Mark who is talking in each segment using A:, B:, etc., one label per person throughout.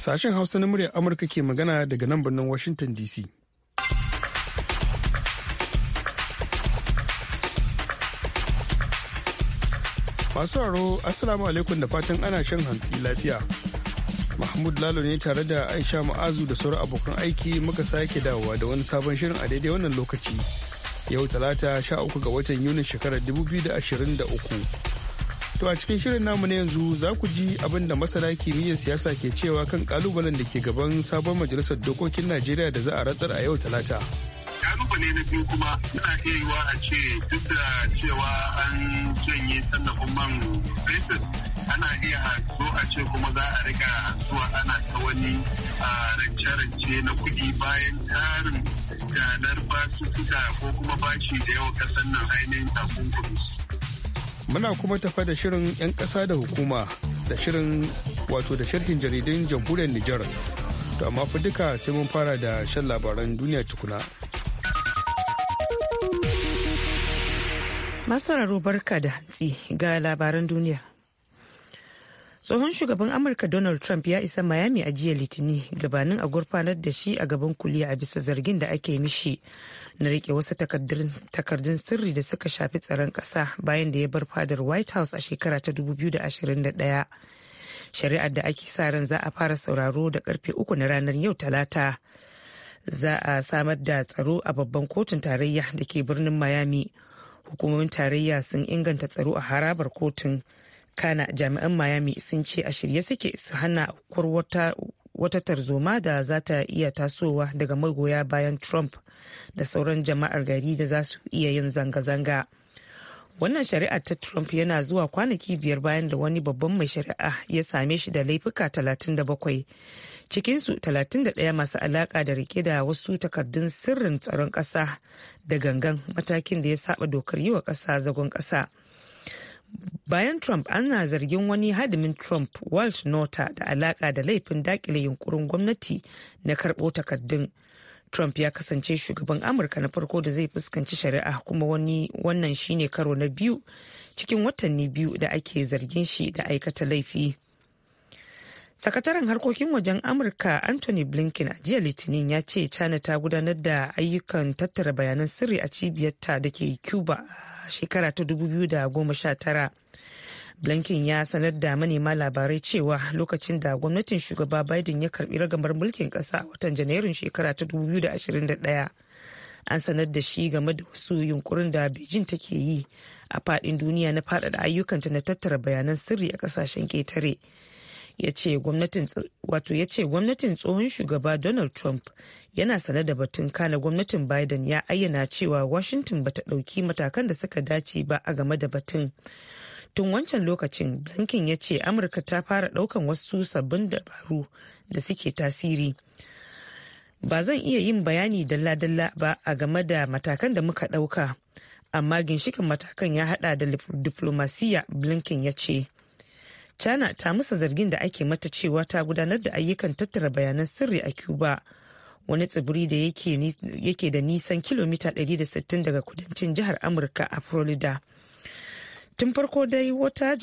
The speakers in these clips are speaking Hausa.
A: Sashen Hausa na muryar Amurka ke magana daga nan birnin Washington DC. Masu haro Assalamu alaikum da fatan ana shan hantsi lafiya. Mahmud Lalo ne tare da Aisha Ma'azu da sauran abokan aiki muka sake dawowa da wani sabon shirin a daidai wannan lokaci. Yau talata 13 ga watan Yunin shekarar 2023. To a cikin shirin namu na yanzu za ku ji abin da masana kimiyyar siyasa ke cewa kan kalubalen da ke gaban sabon majalisar dokokin Najeriya da za a ratsar a yau talata.
B: Kalubale na biyu kuma yana iya yiwa a ce duk da cewa an janye tallafin man ana iya so a ce kuma za a riga zuwa ana ta wani rance-rance na kuɗi bayan tarin ganar basu ko kuma bashi da yawa kasan nan ainihin takunkumi.
A: Muna kuma tafa da shirin 'yan ƙasa da hukuma da shirin wato da sharhin jaridun jamhuriyar Nijar. To amma fi duka sai mun fara da shan labaran duniya tukuna.
C: Masu barka da hantsi ga labaran duniya. tsohon shugaban amurka donald trump ya isa miami a jiya litini gabanin a gurfanar da shi a gaban kuliya a bisa zargin da ake mishi na rike wasu takardun sirri da suka shafi tsaron kasa bayan da ya bar fadar white house a shekara ta 2021 shari'ar da ake sa ran za a fara sauraro da karfe uku na ranar yau talata za a samar da tsaro a babban kotun tarayya da ke birnin miami hukumomin tarayya sun inganta tsaro a harabar kotun kana jami'an miami sun ce a shirye suke su hana wata wata tarzoma da za ta iya tasowa daga magoya bayan trump da sauran jama'ar gari da za su iya yin zanga-zanga wannan shari'a ta trump yana zuwa kwanaki biyar bayan da wani babban mai shari'a ya same shi da laifuka 37 cikinsu 31 masu alaka da rike da wasu takardun sirrin tsaron kasa da gangan matakin da ya saba dokar yi wa kasa zagon kasa. bayan trump ana zargin wani hadimin trump walt nota da alaka da laifin dakile yunkurin gwamnati na karbo takardun trump ya kasance shugaban amurka na farko da zai fuskanci shari'a kuma wani wannan shine karo na biyu cikin watanni biyu da ake zargin shi da aikata laifi sakataren harkokin wajen amurka anthony blinken a jiya litinin ya ce china ta gudanar da ayyukan tattara bayanan sirri a cibiyarta da ke cuba shekara ta 2019 blinken ya sanar da manema labarai cewa lokacin da gwamnatin shugaba biden ya karbi ragamar mulkin kasa a watan janairun shekara ta 2021 an sanar da shi game da wasu yunkurin da beijing take yi a fadin duniya na faɗaɗa ayyukanta na tattara bayanan sirri a ƙasashen ƙetare ya ce gwamnatin tsohon shugaba donald trump yana sane da batun kana gwamnatin biden ya ayyana cewa washington ba ta ɗauki matakan da suka dace ba a game da batun tun wancan lokacin blinken ya ce amurka ta fara ɗaukan wasu sabbin dabaru da suke tasiri ba zan iya yin bayani dalla-dalla ba a game da matakan da muka ɗauka amma ginshikan matakan ya hada da diplomasiya blinken ya ce china ta musa zargin da ake mata cewa ta gudanar da ayyukan tattara bayanan sirri a cuba wani tsibiri da yake da nisan kilomita 160 daga kudancin jihar amurka a florida tun farko dai wata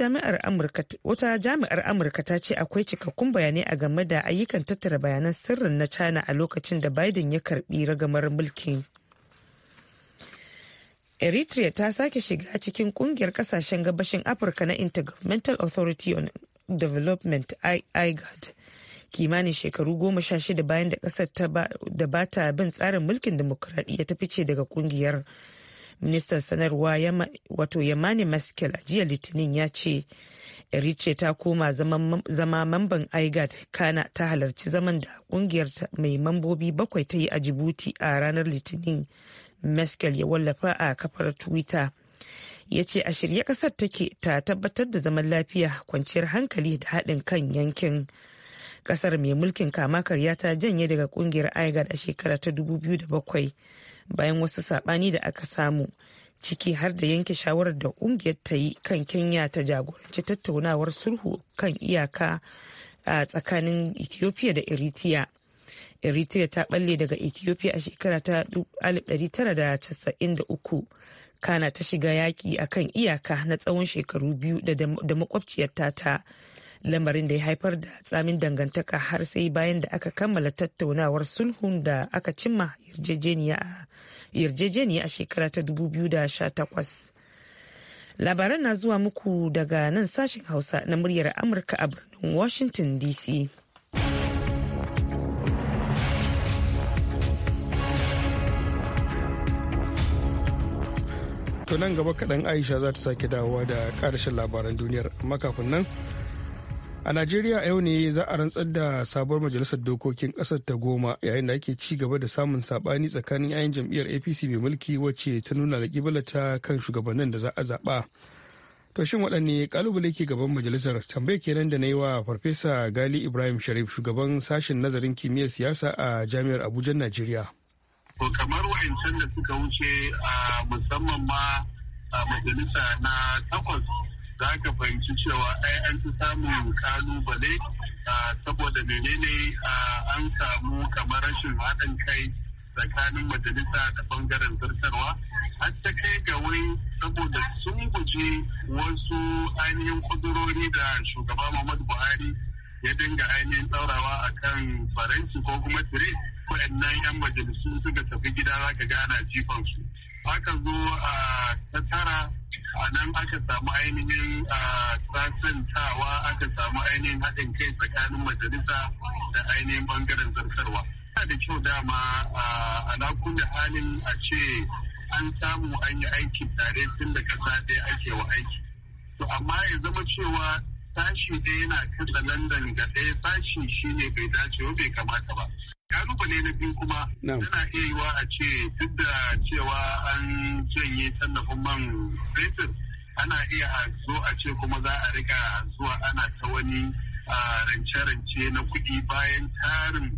C: jami'ar amurka ta ce akwai cikakkun bayanai a game da ayyukan tattara bayanan sirrin na china a lokacin da biden ya karbi ragamar mulkin eritrea ta sake shiga cikin kungiyar kasashen gabashin afirka na intergovernmental authority on development igad kimanin shekaru goma sha shida bayan da kasar da ba ta bin tsarin mulkin demokuraɗiyya ta fice daga kungiyar ministan sanarwa wato yamani maskel a jiya litinin ya ce eritrea ta koma zama mamban igad kana ta halarci zaman da kungiyar mai mambobi bakwai ta yi a jibuti a ranar litinin meskel ya wallafa a kafar twitter ya ce a shirye kasar take ta tabbatar da zaman lafiya kwanciyar hankali da haɗin kan yankin kasar mai mulkin kama karya ta janye daga ƙungiyar igad a shekara ta 2007 bayan wasu saɓani da aka samu ciki har da yanke shawarar da ƙungiyar ta yi kan kenya ta jagoranci tattaunawar sulhu kan iyaka a tsakanin ethiopia da eritrea eritrea ta balle daga ethiopia a shekara ta 1993 kana ta shiga yaƙi a kan iyaka na tsawon shekaru biyu da makwabciyar ta lamarin da ya haifar da tsamin dangantaka har sai bayan da aka kammala tattaunawar sulhun da aka cimma yarjejeniya a shekara ta 2018 labaran na zuwa muku daga nan sashen hausa na muryar amurka a birnin washington dc
A: To nan gaba kaɗan Aisha za ta sake dawowa da ƙarshen labaran duniyar amma kafin nan. A Najeriya yau ne za a rantsar da sabuwar majalisar dokokin ƙasar ta goma yayin da ake ci gaba da samun saɓani tsakanin 'ya'yan jam'iyyar APC mai mulki wacce ta nuna da ta kan shugabannin da za a zaɓa. To shin waɗanne kalubale ke gaban majalisar tambayar nan da na yi wa Farfesa Gali Ibrahim Sharif shugaban sashen nazarin kimiyyar siyasa a Jami'ar Abuja Najeriya.
B: To kamar wa'incan da suka wuce a musamman ma a majalisa na takwas za ka fahimci cewa ai an fi samun kalubale saboda menene an samu kamar rashin haɗin kai tsakanin majalisa da ɓangaren zartarwa an ta kai ga wai saboda sun guji wasu ainihin kudurori da shugaba Muhammadu Buhari ya dinga ainihin ɗaurawa akan faranci ko kuma tire waɗannan 'yan majalisu suka tafi gida za ka gana jifansu aka zo a tattara a nan aka samu ainihin sasantawa aka samu ainihin haɗin kai tsakanin majalisa da ainihin bangaren zartarwa yana da kyau dama a da halin a ce an samu an yi aiki tare tun da kasa ɗaya ake wa aiki to amma ya zama cewa sashi ɗaya yana kasa landan ga ɗaya sashi shine bai dace ba bai kamata ba kalubale na biyu kuma tana iya yiwa a ce duk da cewa an janye tallafin man fetur ana iya a zo a ce kuma za a rika zuwa ana ta wani rance-rance na kuɗi bayan tarin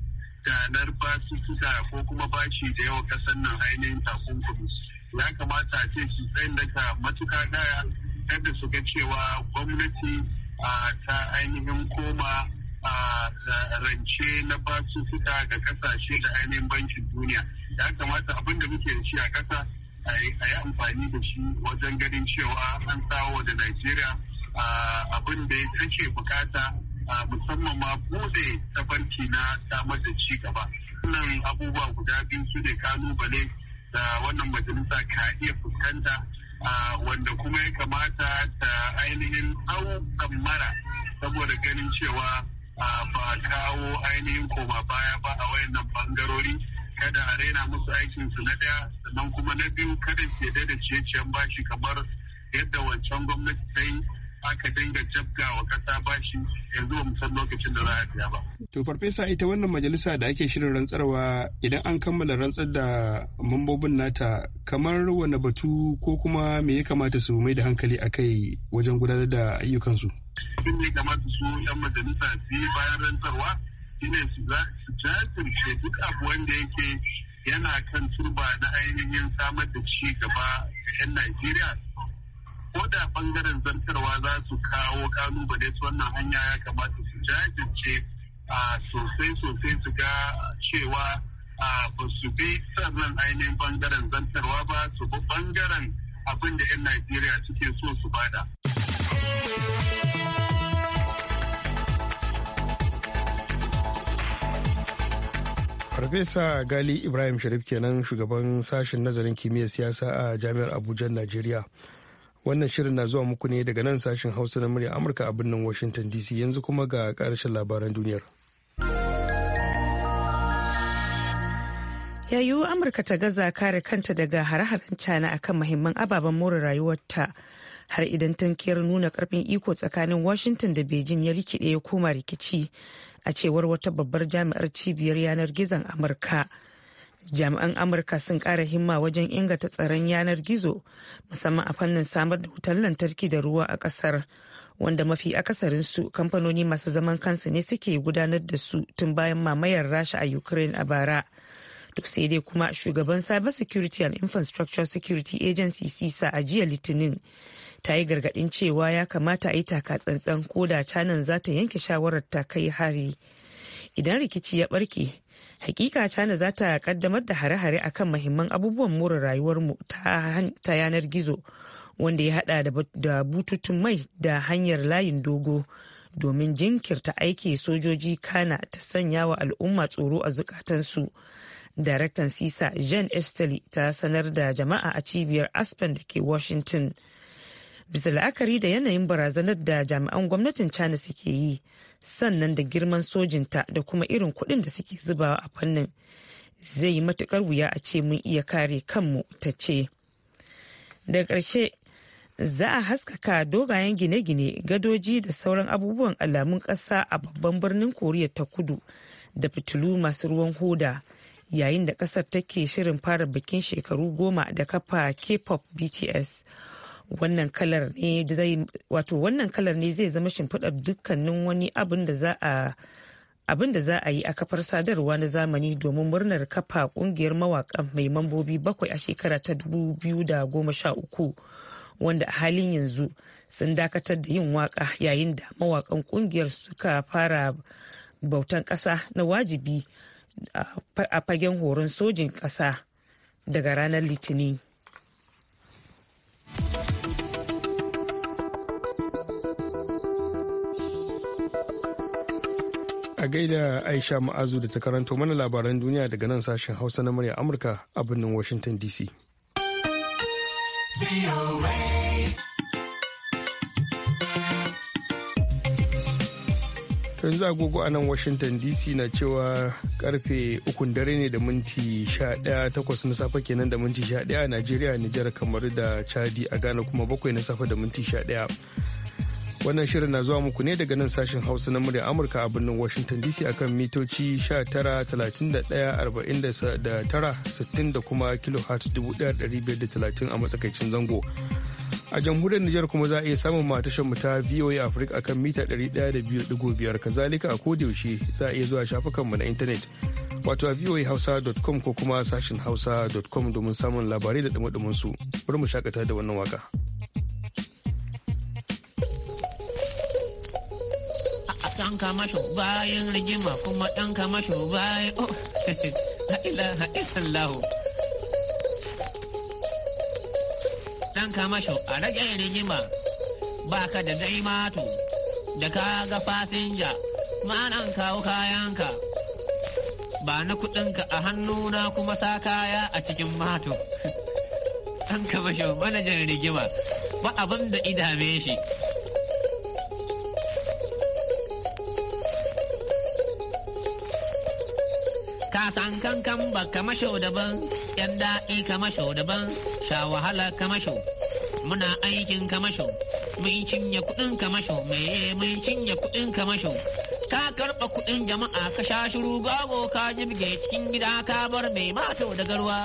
B: danar basussuka ko kuma bashi da yawa kasan nan ainihin takunkumi ya kamata a ce su tsayin daga matuka daya yadda suka cewa gwamnati ta ainihin koma a rance na basu fita ga kasashe da ainihin bankin duniya ya kamata abin da muke da shi a kasa a yi amfani da shi wajen ganin cewa an tsawo da najeriya abin da ya ke bukata musamman ma bude banki na samar da ci gaba wannan abubuwa guda biyu su ne kalubale da wannan majalisa ka iya fuskanta wanda kuma ya kamata ta ainihin au kammara saboda ganin cewa ba kawo ainihin koma baya ba a wayannan bangarori kada a raina musu aikin su na daya sannan kuma na biyu kada ke da da ciye-ciyen bashi kamar yadda wancan gwamnati ta yi aka dinga jabga wa kasa bashi yanzu ba san lokacin da za a biya ba.
A: To farfesa ita wannan majalisa da ake shirin rantsarwa idan an kammala rantsar da mambobin nata kamar wani batu ko kuma me ya kamata su mai da hankali akai wajen gudanar da ayyukansu. shi ne da
B: su yan majalisa su yi bayan rantarwa shi ne su jajirce duk abu wanda yake yana kan turba na ainihin samar da ci gaba ga 'yan Najeriya. Ko da bangaren zantarwa za su kawo kalubale su wannan hanya ya kamata su jajirce sosai sosai su ga cewa ba su bi sannan ainihin bangaren zantarwa ba su bi bangaren abin da 'yan Najeriya suke so su bada.
A: Farfesa Gali Ibrahim Sharif kenan shugaban sashen nazarin kimiyyar siyasa a Jami'ar Abuja, Najeriya. Wannan shirin na zuwa muku ne daga nan sashen Hausa na murya Amurka a birnin Washington DC yanzu kuma ga karshen labaran duniyar.
C: Yayu Amurka ta gaza kare kanta daga hare-haren China akan mahimman ababen more rayuwarta. har idan tankiyar nuna karfin iko tsakanin washington da beijing ya rikide ya koma rikici a cewar wata babbar jami'ar cibiyar yanar gizon amurka jami'an amurka sun kara himma wajen inganta tsaron yanar gizo musamman a fannin samar da wutar lantarki da ruwa a kasar wanda mafi akasarinsu kamfanoni masu zaman kansu ne suke gudanar da su tun bayan mamayar rasha a ukraine a bara duk sai dai kuma shugaban cyber security and infrastructure security agency cisa a jiya litinin ta yi gargaɗin cewa ya kamata a yi takatsantsan ko da canan za ta yanke shawarar ta kai hari idan rikici ya barke hakika cana za ta kaddamar da hare-hare akan mahimman abubuwan more rayuwarmu ta yanar gizo wanda ya hada da bututun mai da hanyar layin dogo domin jinkirta aiki sojoji kana ta sanya wa al'umma tsoro a zukatansu daraktan sisa jean esteli ta sanar da jama'a a cibiyar aspen da ke washington bisa la'akari da yanayin barazanar da jami'an gwamnatin china suke yi sannan da girman sojinta da kuma irin kuɗin da suke zubawa a fannin zai yi matukar wuya a ce mun iya kare kanmu ta ce daga ƙarshe za a haskaka dogayen gine-gine gadoji da sauran abubuwan alamun ƙasa a babban birnin koriya ta kudu da fitilu masu ruwan hoda yayin da ƙasar take shirin fara bikin shekaru goma da kafa k-pop bts wannan kalar ne zai wato wannan kalar ne zai zama shimfiɗar dukkanin wani abin da za a yi a kafar sadarwa na zamani domin murnar kafa kungiyar mawaƙa mai mambobi bakwai a shekara ta 2013 wanda a halin yanzu sun dakatar da yin waka yayin da mawakan kungiyar suka fara bautan ƙasa na wajibi a fagen horon sojin ƙasa daga ranar litinin
A: A gaida Aisha Ma'azu da ta karanto mana labaran duniya daga nan sashen Hausa na murya Amurka a birnin Washington DC. yanzu agogo a nan washington dc na cewa karfe ukun dare ne da minti 11 takwas na safe kenan da minti 11 a najeriya nijar kamar da chadi a ghana kuma bakwai na safe da minti 11 Wannan shirin na zuwa muku ne daga nan sashen Hausa na murya Amurka a birnin Washington DC akan mitoci 19,31,49,60 da kuma kilohertz 1530 a matsakaicin zango. A jamhuriyar Nijar kuma za a iya samun matashin mu ta VOA Africa akan mita 102.5 kazalika a yaushe za a iya zuwa shafukanmu na intanet. Wato a voahausa.com ko kuma sashin hausa.com domin samun labarai da su. Bari mu shakata da wannan waka.
D: ɗan kama shi bayan rigima kuma ɗan kama shi bayan oh ha'ila ha'ilan lahu ɗan kama shi a rage rigima baka da dai mato da ka ga fasinja ma'anan kawo kayanka ba na kuɗinka a hannu na kuma sa kaya a cikin mato ɗan kama shi manajan rigima ba abin da idame shi san kankan ba kama shau daban, ‘yan daɗi kama shau daban, sha wahala kama shau. Muna aikin kama shau, mun cinye kuɗin kama shau, meye mun cinye kuɗin kama shau. Ka karɓa kuɗin jama'a ka sha shiru gago ka jibge cikin gida ka bar mai mato da garwa.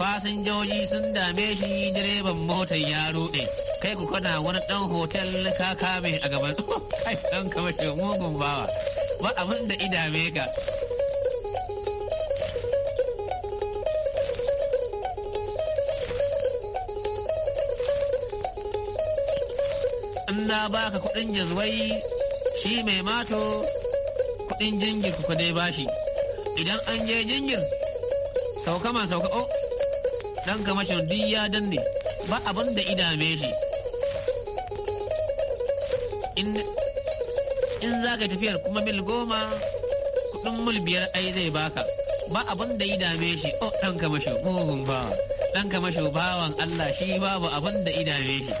D: fasinjoji sun dame shi direban motar ya ruɗe kai ku kana wani ɗan hotel ka kame a gaban kai ɗan kamar mugun bawa ba abin da idame ka in na baka kuɗin jazwai shi mai mato kuɗin jingir ku dai bashi idan an je jingir sauka ma sauka o oh, ka kamashin duk ya danne ba abin da idame shi za ka tafiyar kuma mil goma kudin mil biyar ai zai baka ba abin da ya dame shi o dan ka mashi mugun bawa dan ka mashi bawan Allah shi babu abin da ya dame shi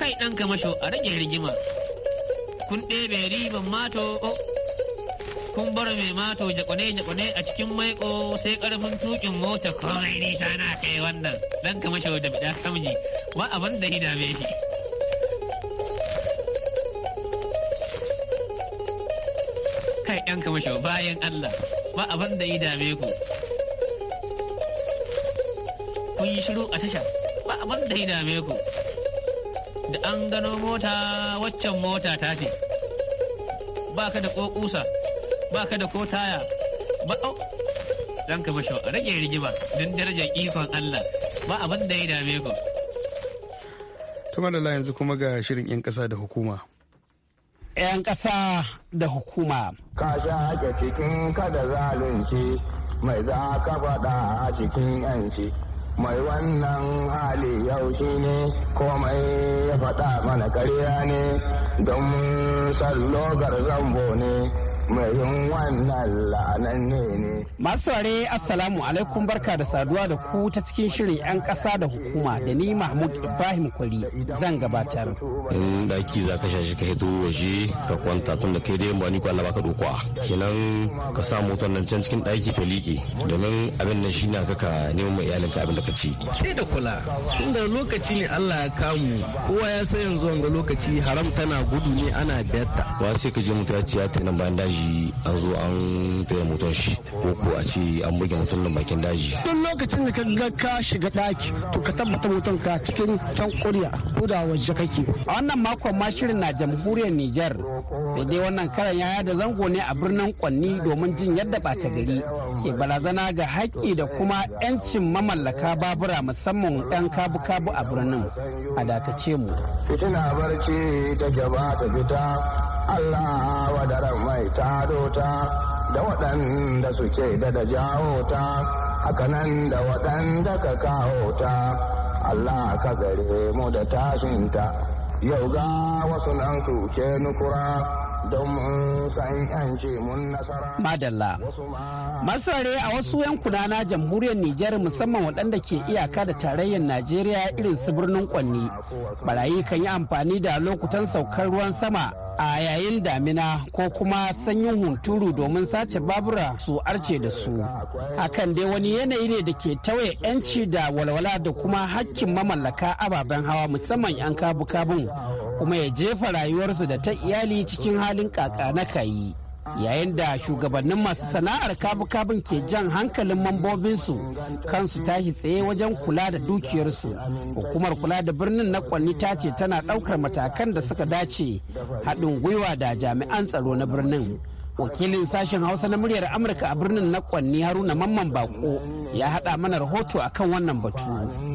D: kai dan ka mashi a rage rigima kun ɗebe riban mato o kun bar mai mato jakwane-jakwane a cikin maiko sai karfin tukin mota komai nisa na kai wannan dan kama shau da bida kamji ba abin da hida me shi kai yan kama shau bayan Allah ba abin da hida me ku kun yi shiru a tasha ba abin da hida me ku da an gano mota waccan mota ta ce ba ka da ƙoƙusa ba ka da ko taya ba au ka ba rage rigima don darajar ikon Allah ba abin da ya dame ku.
A: to da yanzu kuma ga shirin 'yan ƙasa da hukuma.
E: 'Yan ƙasa
F: da hukuma. Ka sha hake cikin kada zalunci mai za ka faɗa a cikin 'yanci. Mai wannan hali yau shi ne komai ya faɗa mana karya ne don sallo garzan ne. Mayin wannan
E: Masu ware Assalamu alaikum barka da saduwa da ku ta cikin shirin 'yan ƙasa da hukuma da ni Mahmud Ibrahim Kwari zan gabatar.
G: In daki za ka shashi ka hito waje ka kwanta tun da kai dai ba ni ko Allah baka dokuwa. Kenan ka sa motar nan can cikin daki liƙe domin abin nan shi na kaka neman ma iyalinka abin da ka ci.
H: Sai da kula tun da lokaci ne Allah ya kamu kowa ya san yanzu wanga lokaci haram tana gudu ne ana biyarta.
G: Wa sai ka je mutum ya ce bayan daji ji an zo an taya mutum shi ko ko a ce an buge mutum da bakin
E: daji
I: duk lokacin da ka ga ka shiga daki to ka tabbata mutum ka cikin can kuriya
E: ko da waje kake a wannan makon ma shirin na jamhuriyar Nijar sai dai wannan karan yaya da zango ne a birnin Kwanni domin jin yadda bata gari ke balazana ga haƙƙi da kuma 'yancin mamallaka babura musamman 'yan kabu-kabu a birnin a dakace mu fitina barci ta gaba ta fita
F: Allah wa wadaran mai tado ta da waɗanda suke da da jawo ta hakanan da waɗanda ka kawo ta Allah ka gare mu da tashinta yau ga wasu nan su ke nukura
E: Madalla. Masare a wasu yankuna na jamhuriyar Nijar musamman waɗanda ke iyaka da tarayyar Najeriya irin su birnin Kwanni. Barayi kan yi amfani da lokutan saukar ruwan sama a yayin damina ko kuma sanyin hunturu domin sace babura su arce da su. Hakan dai wani yanayi ne da ke tauye 'yanci da walwala da kuma hakkin mamallaka ababen hawa musamman 'yan kabu-kabun. kuma ya jefa rayuwarsu da ta iyali cikin halin kaka na kayi yayin da shugabannin masu sana'ar kabu-kabun ke jan hankalin mambobinsu kansu tashi tsaye wajen kula da dukiyarsu hukumar kula da birnin na kwanni ta ce tana ɗaukar matakan da suka dace haɗin gwiwa da jami'an tsaro na birnin wakilin sashen hausa na muryar amurka a birnin na kwanni haruna mamman bako ya haɗa mana rahoto akan wannan batu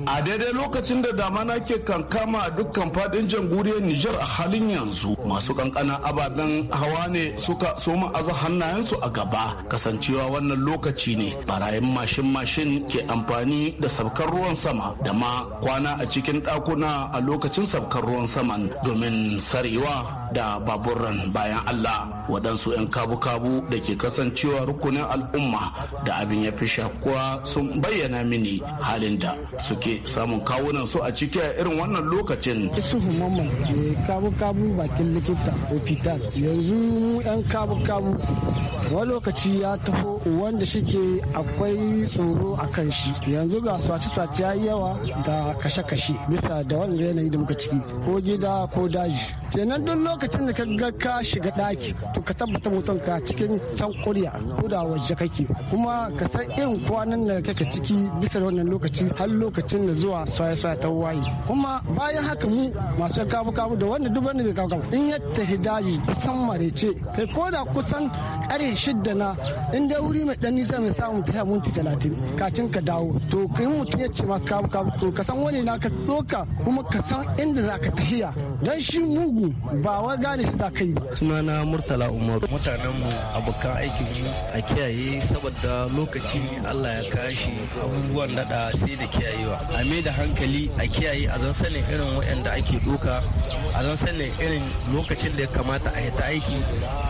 J: a daidai lokacin da na ke kankama dukkan fadin jamhuriyar nijar a halin yanzu masu kankana ababen hawa ne suka soma aza hannayensu a gaba kasancewa wannan lokaci ne barayin mashin mashin ke amfani da sabkar ruwan sama da ma kwana a cikin dakuna a lokacin sabkar ruwan saman domin sarewa da baburan bayan allah waɗansu 'yan kabu-kabu da ke kasancewa rukunin al'umma da abin ya fi shakuwa sun bayyana mini halin da suke samun kawunan su a ciki a irin wannan
I: lokacin. Isuhu Mamman mai kabu-kabu bakin likita hospital yanzu mu 'yan kabu-kabu wani lokaci ya taho wanda shike akwai tsoro a kan shi yanzu ga swace-swace ya yawa ga kashe-kashe bisa da wannan yanayi da muka ciki ko gida ko daji kenan duk lokacin da ka ga ka shiga ɗaki to ka tabbata mutum ka cikin can kuriya ko da waje kake kuma ka san irin kwanan da kake ciki bisa da wannan lokaci har lokacin da zuwa soya-soya ta waye kuma bayan haka mu masu kabu kabu da wanda duk wanda bai kabu kabu in ya ta daji kusan marece kai ko da kusan kare shidda na in dai wuri mai dan nisa mai samun ta minti talatin kafin ka dawo to kai mutum ya ce ma kabu kabu to ka san wani na ka doka kuma ka san inda za ka tahiya. dan shi mugu ba wa gane shi za kai ba
H: sunana murtala umar mutanen mu abokan aikin mu a kiyaye saboda lokaci Allah ya kashi abubuwan da sai da kiyayewa a mai da hankali a kiyaye a zan sanin irin waɗanda ake doka a zan sanin irin lokacin da ya kamata a ta aiki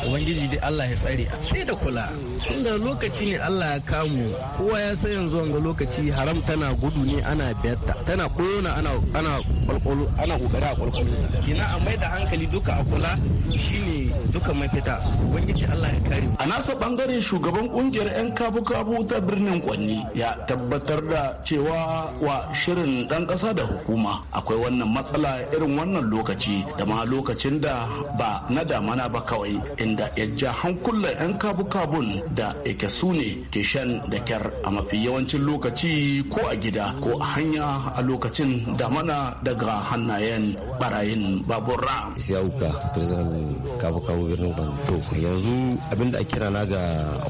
H: ubangiji dai Allah ya tsare sai da kula tunda lokaci ne Allah ya kamu kowa ya san yanzu wanga lokaci haram tana gudu ne ana ta tana koyona ana ana kwalkwalo ana kokari a kwalkwalo kenan a mai da hankali duka a kula shine duka mafita ubangiji Allah ya kare
J: a nasa bangare shugaban kungiyar yan kabu-kabu ta birnin kwanni ya tabbatar da cewa wa shirin dan kasa da hukuma akwai wannan matsala irin wannan lokaci da ma lokacin da ba na damana ba kawai inda ya ja hankulan yan kabu-kabun da yake su ne ke shan da kyar a mafi yawancin lokaci ko a gida ko a hanya a lokacin damana daga hannayen barayin babura
G: uka president kabu kabu birnin kwan to yanzu abinda da kira na ga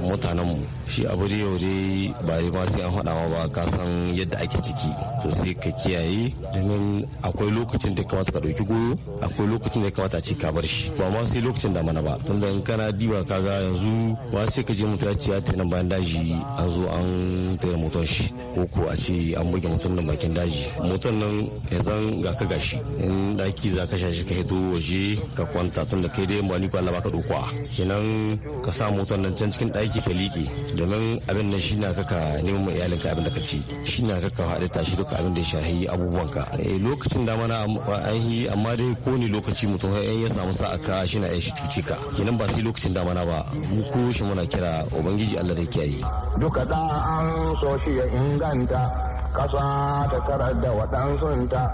G: mutanen mu shi abu da yau dai ba dai ma sai an hada ma ba ka san yadda ake ciki to sai ka kiyaye domin akwai lokacin da kamata ka dauki goyo akwai lokacin da kamata a ci ka bar shi ba ma sai lokacin da mana ba tun in kana diba kaga yanzu ba sai ka je mutum ya ce ya bayan daji an zo an tare motar shi ko ko a ce an buge mutum nan bakin daji motar nan ya zan ga ka gashi in daki za kashe shi ka hito waje ka kwanta tun da kai dai ba ni ko Allah baka dokuwa kenan ka sa motar nan can cikin daki ka liƙe domin abin nan shi na kaka neman iyalin ka abin da ka ci shi na kaka haɗe tashi duka abin da shahi abubuwan ka eh, lokacin da mana an yi amma dai ko ne lokaci mutum ya samu sa'a ka shi na shi cuci ka kenan ba sai lokacin da mana ba mu ko shi muna kira ubangiji Allah da kiyaye
F: duka da an so shi ya inganta ƙasa ta karar da waɗansunta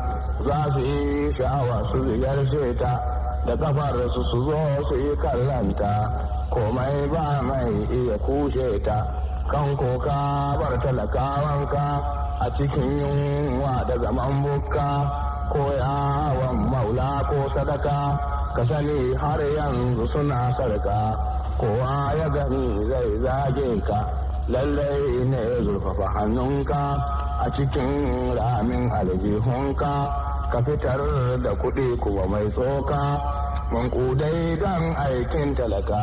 F: za su yi sha'awa su ziyarce ta da ƙafarsu su zo su yi kallanta komai ba mai iya kushe ta kan koka bar talakawanka a cikin yunwa da zaman bukka ko yawon maula ko sadaka ka sani har yanzu suna sarka kowa ya gani zai zage ka lallai ne zurfafa hannunka a cikin ramin aljihunka ka fitar da kuɗi kuwa mai tsoka mun kudai don aikin talaka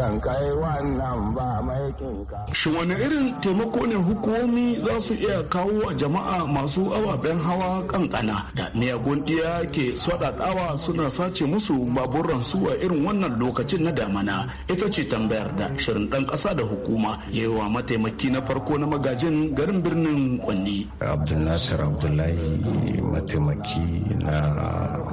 F: kan wannan ba mai ka.
J: Shi wani irin taimako ne hukumomi za su iya kawo a jama'a masu ababen hawa kankana da miyagun ɗiya ke swaɗaɗawa suna sace musu baburan su a irin wannan lokacin na damana ita ce tambayar da shirin ɗan ƙasa da hukuma ya yi wa mataimaki na farko na magajin
K: garin birnin Kwanni. Abdulnasir Abdullahi mataimaki na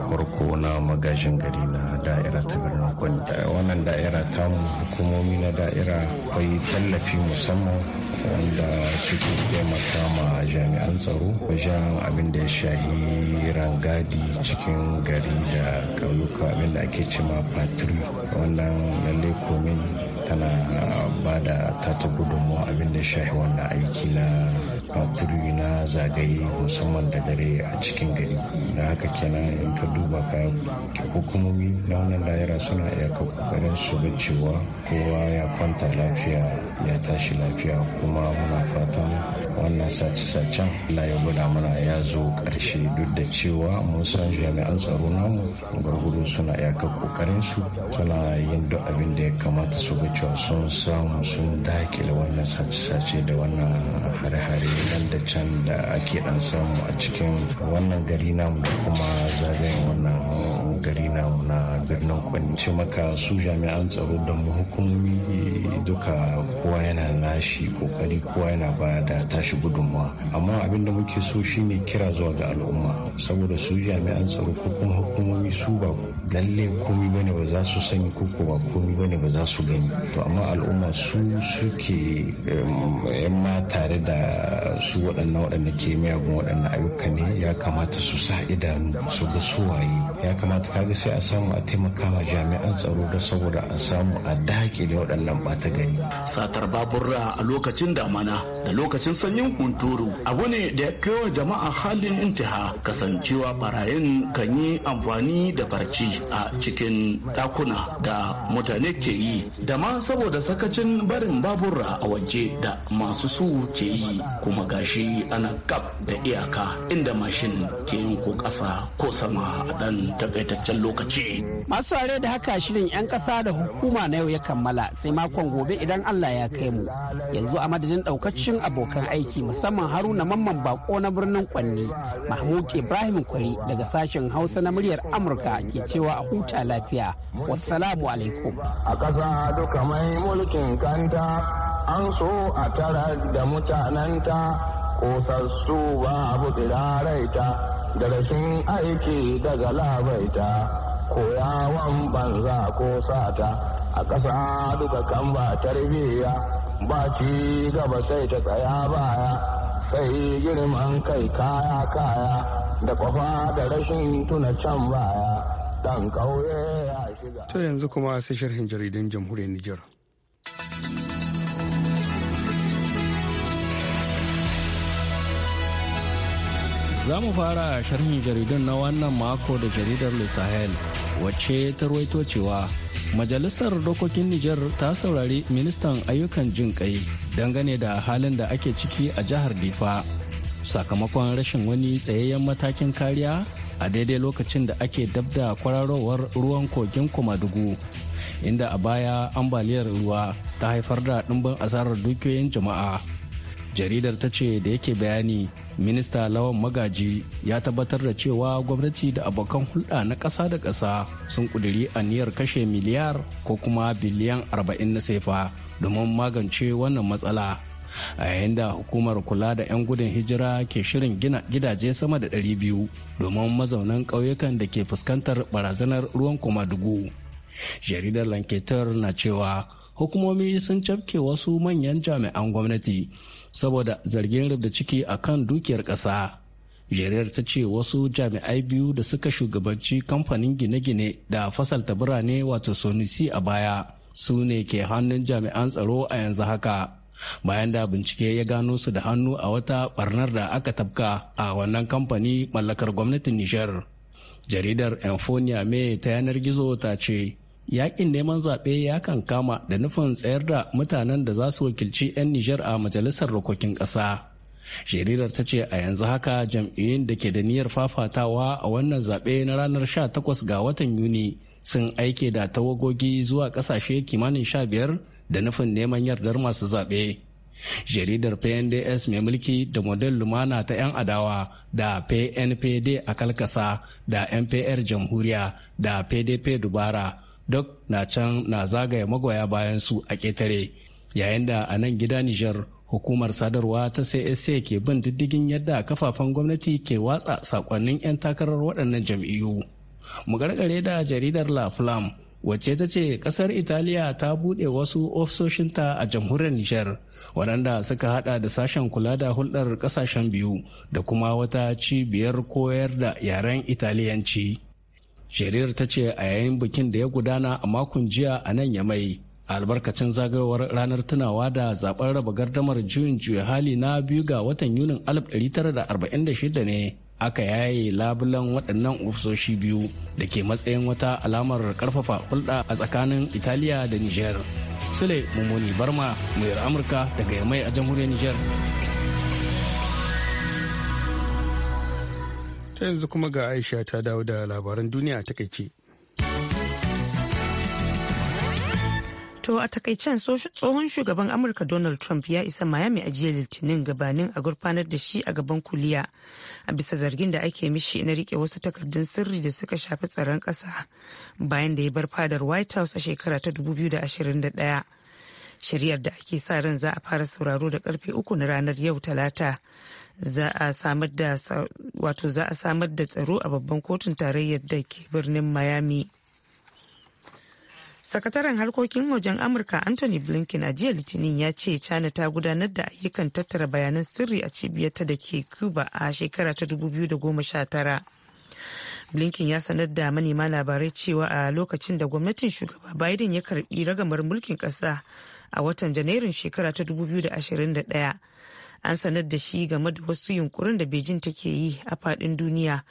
K: farko na magajin gari na da'ira ta birnin kwanta wannan da'ira ta mu hukumomi na da'ira kwai tallafi musamman wanda suke taimaka ma jami'an tsaro wajen abin da ya shahi rangadi cikin gari da ƙauyuka abin da ake cima patri wannan lalle komin tana ba da tata gudunmu abin da shahi wannan aiki na faturi na zagaye musamman da dare a cikin gari da haka kenan in ka duba ka hukumomi na wannan daira suna iya kokarin su ga cewa kowa ya kwanta lafiya ya tashi lafiya kuma muna fatan wannan sace-sacen na ya gwada mana ya zo karshe duk da cewa mun san jami'an tsaro namu gwargwado suna iyakar kokarin su suna yin duk abin da ya kamata su ga cewa sun samu sun dakile wannan sace-sace da wannan hare-hare nan da can da ake dan samu a cikin wannan gari namu da kuma zagayen wannan gari na na birnin kwanni shi maka su jami'an tsaro da mu hukumomi duka kowa yana nashi kokari kowa yana ba da tashi gudunmawa amma abin da muke so shine kira zuwa ga al'umma saboda su jami'an tsaro ko kuma hukumomi su ba lalle komi bane ba za su sani ko ba komi bane ba za su gani to amma al'umma su suke yan ma tare da su waɗannan waɗanda ke miyagun waɗannan ayyuka ne ya kamata su sa idanu su ga suwaye ya kamata kaga sai a samu a taimakawa jami'an tsaro da saboda a samu a dake da waɗannan ɓata gari
J: satar baburra a lokacin damana da lokacin sanyin hunturu abu ne da ya kaiwa jama'a halin intiha kasancewa barayin kan yi amfani da barci a cikin ɗakuna da mutane ke yi da ma saboda sakacin barin baburra a waje da masu su ke yi kuma gashi ana gab da iyaka inda mashin ke yin ko ƙasa ko sama a ɗan wancan lokaci.
E: Masu are da haka shirin 'yan ƙasa da hukuma na yau ya kammala sai makon gobe idan Allah ya kai mu. Yanzu a madadin ɗaukacin abokan aiki musamman Haruna Mamman Bako na birnin Kwanni, Mahmud Ibrahim Kwari daga sashen Hausa na muryar Amurka ke cewa a huta lafiya. Wassalamu alaikum. A ƙasa
F: duka mai mulkin kanta an so a tara da ko sassu ba abu tsiraraita. da rashin aiki daga labaita koyawan banza ko sata a ƙasa duka kan ba tarbiyya ba ci gaba sai ta tsaya baya sai girman kai kaya kaya da kwafa da rashin tuna can baya dan ƙauye ya
A: shiga. Ta yanzu kuma sai sharhin jaridan jamhuriyar Nijar.
H: Za mu fara sharhin jaridun na wannan mako da jaridar Lissahel Sahel wacce ta ruwaito cewa Majalisar Dokokin Nijar ta saurari ministan ayyukan jin kai dangane da halin da ake ciki a jihar Difa sakamakon rashin wani tsayayyen matakin kariya a daidai lokacin da ake dab da kwararowar ruwan kogin Komadugu inda a baya ambaliyar ruwa ta haifar da ɗimbin asarar dukiyoyin jama'a. Jaridar ta ce da yake bayani minista lawan magaji ya tabbatar da cewa gwamnati da abokan hulɗa na ƙasa da ƙasa sun ƙudiri aniyar kashe miliyar ko kuma biliyan 40 na sefa domin magance wannan matsala a yayin da hukumar kula da 'yan gudun hijira ke shirin gina gidaje sama da 200 domin mazaunan ƙauyukan da ke fuskantar barazanar ruwan kuma dugu jaridar lanketar na cewa hukumomi sun cafke wasu manyan jami'an gwamnati saboda zargin rubda ciki a kan dukiyar ƙasa. jeriyar ta ce wasu jami'ai biyu da suka shugabanci kamfanin gine-gine da fasalta birane wato sonisi a baya su ne ke hannun jami'an tsaro a yanzu haka bayan da bincike ya gano su da hannu a wata barnar da aka tafka a wannan kamfani mallakar gwamnatin nijar jaridar enfonia mai ta yanar gizo ta ce yakin neman zaɓe ya kan kama da nufin tsayar da mutanen da za su wakilci 'yan Nijar a majalisar rokokin ƙasa. jaridar ta ce a yanzu haka jam'iyyun da ke da niyyar fafatawa a wannan zaɓe na ranar 18 ga watan Yuni sun aike da tawagogi zuwa ƙasashe kimanin sha biyar da nufin neman yardar masu zaɓe. jaridar pnds mai mulki da model lumana ta 'yan adawa da pnpd a kalkasa da mpr jamhuriya da pdp dubara duk na can na zagaya magoya bayan su a ƙetare yayin da a nan gida Nijar hukumar sadarwa ta CSA ke bin diddigin yadda kafafen gwamnati ke watsa sakonnin 'yan takarar waɗannan jam'iyyu. Mugargare da jaridar La Flam wacce ta ce ƙasar italiya ta buɗe wasu ofisoshinta a jamhuriyar nijar waɗanda suka haɗa da sashen kula da hulɗar ƙasashen biyu da kuma wata cibiyar koyar da yaren italiyanci shirir ta ce a yayin bikin da ya gudana a makon jiya a nan yamai albarkacin zagayowar ranar tunawa da zaben raba gardamar juyin juya hali na biyu ga watan yunin 1946 ne aka yaye labulan waɗannan ofisoshi biyu da ke matsayin wata alamar karfafa hulɗa a tsakanin italiya da niger sule mummuni barma muyar amurka daga yamai a jamhuriyar niger ta yanzu kuma ga aisha ta
A: dawo da
C: labaran duniya a takaice To a takaicen tsohon shugaban Amurka Donald Trump ya isa Miami a jiya Litinin gabanin a gurfanar da shi a gaban kuliya a bisa zargin da ake mishi na rike wasu takardun sirri da suka shafi tsaron ƙasa bayan da ya bar fadar White House a shekara ta 2021. Shari'ar da ake sa ran za a fara sauraro da karfe uku na ranar yau talata za a samar da tsaro a babban kotun tarayyar da ke birnin miami sakataren harkokin wajen amurka anthony blinken a jiya litinin ya ce china ta gudanar da ayyukan tattara bayanan sirri a cibiyarta da ke cuba a shekara ta 2019 blinken ya sanar da manema labarai cewa a lokacin da gwamnatin shugaba biden ya karbi ragamar mulkin kasa a watan janairun shekara ta 2021 an sanar da shi game da wasu yunkurin da beijing take yi a fadin duniya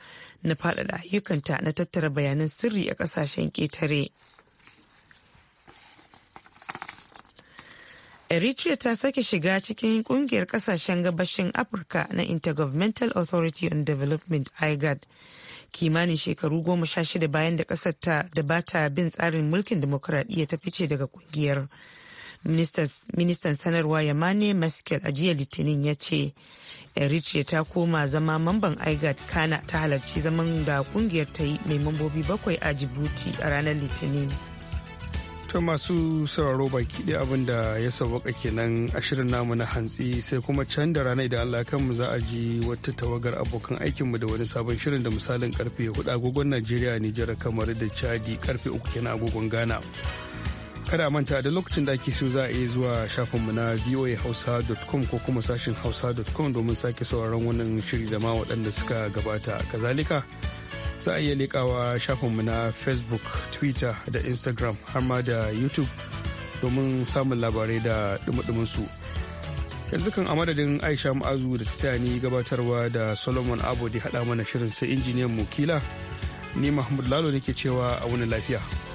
C: na faɗaɗa ayyukanta na tattara bayanan sirri a ƙasashen ƙetare eritrea ta sake shiga cikin kungiyar ƙasashen gabashin afirka na intergovernmental authority on development igad kimanin shekaru goma sha shida bayan da kasar ta da ba bin tsarin mulkin demokuraɗiyya ta fice daga kungiyar. ministan sanarwa yamane maskil a jiya litinin ya ce eritrea ta koma zama mamban igad kana ta halarci zaman da kungiyar ta yi mai mambobi bakwai a jibuti a ranar litinin
A: ta masu sauraro baki da abin da ya sauwaka kenan a shirin namu na hantsi sai kuma can da rana idan Allah kanmu za a ji wata tawagar abokan aikinmu da wani sabon shirin da misalin karfe hudu agogon Najeriya Nijar kamar da Chadi karfe uku kenan agogon Ghana. kada manta da lokacin da ake so za a iya zuwa shafinmu na voahausa.com ko kuma sashin hausa.com domin sake sauraron wannan shiri da ma waɗanda suka gabata kazalika za a iya leƙawa shafinmu na facebook twitter da instagram har ma da youtube domin samun labarai da dumudumin su yanzu kan a madadin aisha ma'azu da titani gabatarwa da solomon abu da haɗa mana shirin sai injiniyan mukila ni mahmud lalo nake cewa a wani lafiya